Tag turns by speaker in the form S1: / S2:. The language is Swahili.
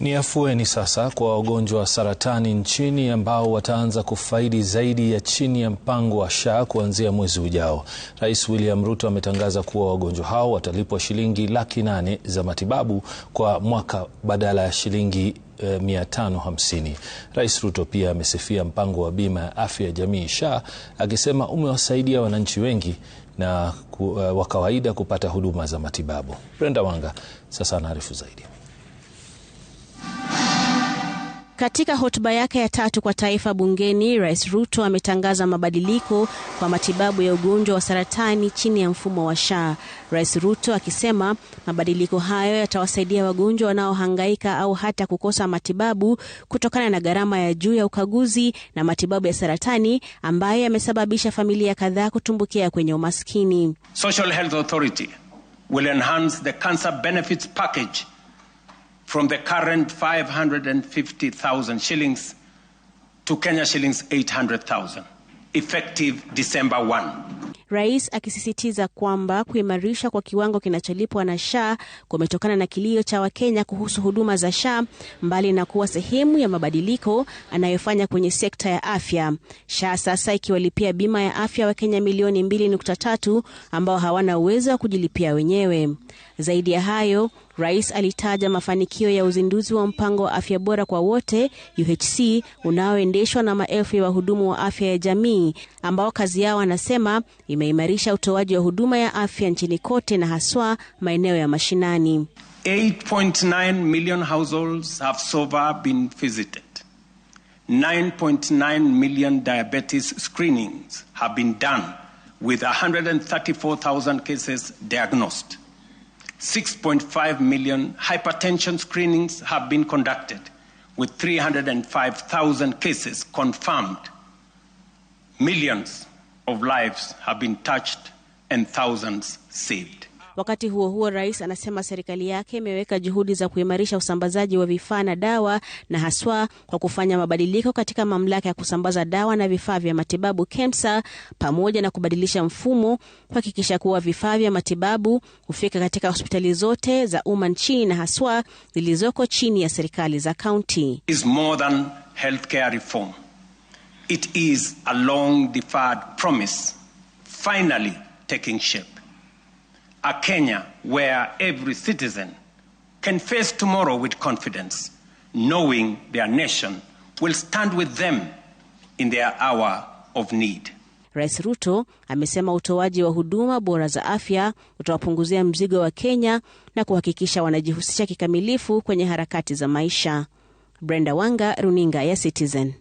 S1: Ni afueni sasa kwa wagonjwa wa saratani nchini ambao wataanza kufaidi zaidi ya chini ya mpango wa SHA kuanzia mwezi ujao. Rais William Ruto ametangaza kuwa wagonjwa hao watalipwa shilingi laki nane za matibabu kwa mwaka badala ya shilingi 550. Eh, Rais Ruto pia amesifia mpango wa bima ya afya ya jamii SHA akisema umewasaidia wananchi wengi na ku, uh, wa kawaida kupata huduma za matibabu. Brenda Wanga sasa anaarifu zaidi.
S2: Katika hotuba yake ya tatu kwa taifa bungeni, Rais Ruto ametangaza mabadiliko kwa matibabu ya ugonjwa wa saratani chini ya mfumo wa SHA. Rais Ruto akisema mabadiliko hayo yatawasaidia wagonjwa wanaohangaika au hata kukosa matibabu kutokana na gharama ya juu ya ukaguzi na matibabu ya saratani ambayo yamesababisha familia kadhaa kutumbukia kwenye umaskini.
S3: Social Health Authority will enhance the cancer benefits package from the current 550,000 shillings to Kenya shillings 800,000 effective December 1.
S2: Rais akisisitiza kwamba kuimarisha kwa kiwango kinacholipwa na SHA kumetokana na kilio cha Wakenya kuhusu huduma za SHA, mbali na kuwa sehemu ya mabadiliko anayofanya kwenye sekta ya afya. SHA sasa ikiwalipia bima ya afya Wakenya milioni 2.3 ambao hawana uwezo wa kujilipia wenyewe. Zaidi ya hayo Rais alitaja mafanikio ya uzinduzi wa mpango wa afya bora kwa wote UHC unaoendeshwa na maelfu ya wahudumu wa afya ya jamii ambao kazi yao anasema imeimarisha utoaji wa huduma ya afya nchini kote na haswa maeneo ya mashinani.
S3: 8.9 million households have so far been visited. 9.9 million diabetes screenings have been done with 134,000 cases diagnosed. 6.5 million hypertension screenings have been conducted, with 305,000 cases confirmed. Millions of lives have been touched and thousands saved.
S2: Wakati huo huo, rais anasema serikali yake imeweka juhudi za kuimarisha usambazaji wa vifaa na dawa na haswa kwa kufanya mabadiliko katika mamlaka ya kusambaza dawa na vifaa vya matibabu KEMSA, pamoja na kubadilisha mfumo kuhakikisha kuwa vifaa vya matibabu hufika katika hospitali zote za umma nchini na haswa zilizoko chini ya serikali za kaunti.
S3: It is a long deferred promise finally taking shape a Kenya where every citizen can face tomorrow with confidence, knowing their nation will stand with them in their hour of need.
S2: Rais Ruto amesema utoaji wa huduma bora za afya utawapunguzia mzigo wa Kenya na kuhakikisha wanajihusisha kikamilifu kwenye harakati za maisha. Brenda Wanga, Runinga ya Citizen.